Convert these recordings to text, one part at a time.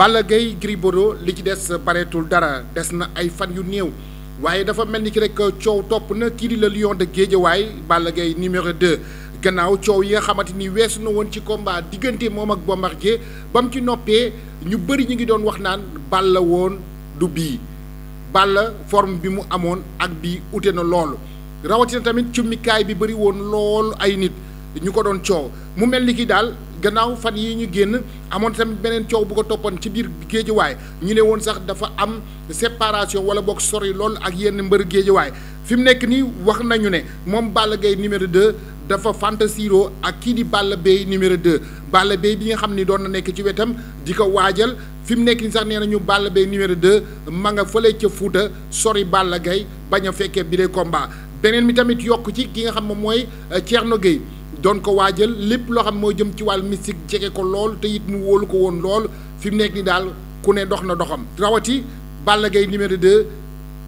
Balla Gaye Gris Bordeaux li ci des pareetul dara des na ay fan yu néew waaye dafa mel ni ki rek coow topp na kii di la lion de Guédiawaye bàll Gaye numéro 2 gannaaw coow yi nga xamante ni weesu na woon ci combat diggante moom ak Bombardier ba mu ci noppee ñu bëri ñu ngi doon wax naan la woon du bii Balla forme bi mu amoon ak bii ute na loolu rawatina tamit cummikaay bi bëri woon loolu ay nit ñu ko doon coow mu mel ni ki daal. gannaaw fan yi ñu génn amoon tamit beneen coow bu ko toppoon ci biir géejuwaay ñu ne woon sax dafa am séparation wala boog sori lool ak yenn mbër géejawaay fi mu nekk nii wax nañu ne moom Balla gay numéro 2 dafa fantasiro ak kii di Balla Beye numéro de Balla Beye bi nga xam ni doon na nekk ci wetam di ko waajal fi mu nekk ni sax nee ñu Balla Beye numéro de ma nga fële ca Fuuta sori bàll Gaye bañ a fekkee bi dee combat beneen bi tamit yokk ci ki nga xam moom mooy euh, Thierno Gueye doon ko waajal lépp loo xam moo jëm ci wàllu mystique jege ko lool tey mu wóolu ko woon lool fi mu nekk ni daal ku ne dox na doxam rawati Balla Gaye numéro de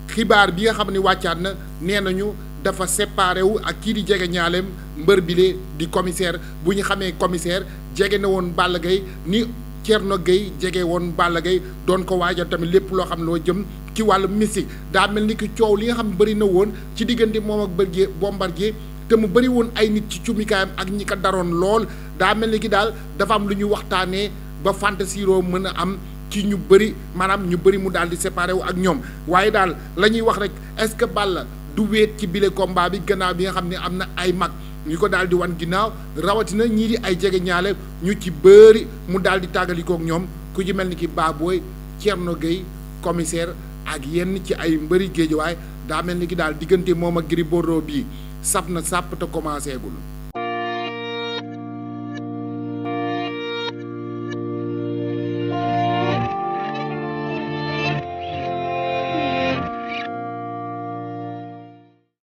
xibaar bi nga xam ne wàccaat na nee na nañu dafa séparé wu ak kii di jege ñaaleem mbër bi bile di commissaire bu ñu xamee commissaire jege na woon Balla Gaye ni Thierno Gueye jege woon Balla Gaye doon ko waajal tamit lépp loo xam loo jëm ci wàll mystique daa mel ni ki coow li nga xam bari na woon ci diggante moom ak bërgee bombardier te mu bëri woon ay nit ci cumikaayam ak ñi ko daroon lool daa mel ni ki daal dafa am lu ñu waxtaanee ba fantasiroo mën a am ci ñu bëri maanaam ñu bëri mu daal di séparé wu ak ñoom waaye daal la ñuy wax rek est-ce que Balla du wéet ci bile combat bi gannaaw bi nga xam ne am na ay mag ñu ko daal di wan ginnaaw rawatina ñii di ay jege ñaale ñu ci bëri mu daal di tàggalikoo ak ñoom ku ci mel ni ki Baboy Thierno Gueye commissaire ak yenn ci ay mbëri géejuwaay daa mel ni ki daal diggante moom ak Gris Bordeaux bii sap na sàpp te commencé gul.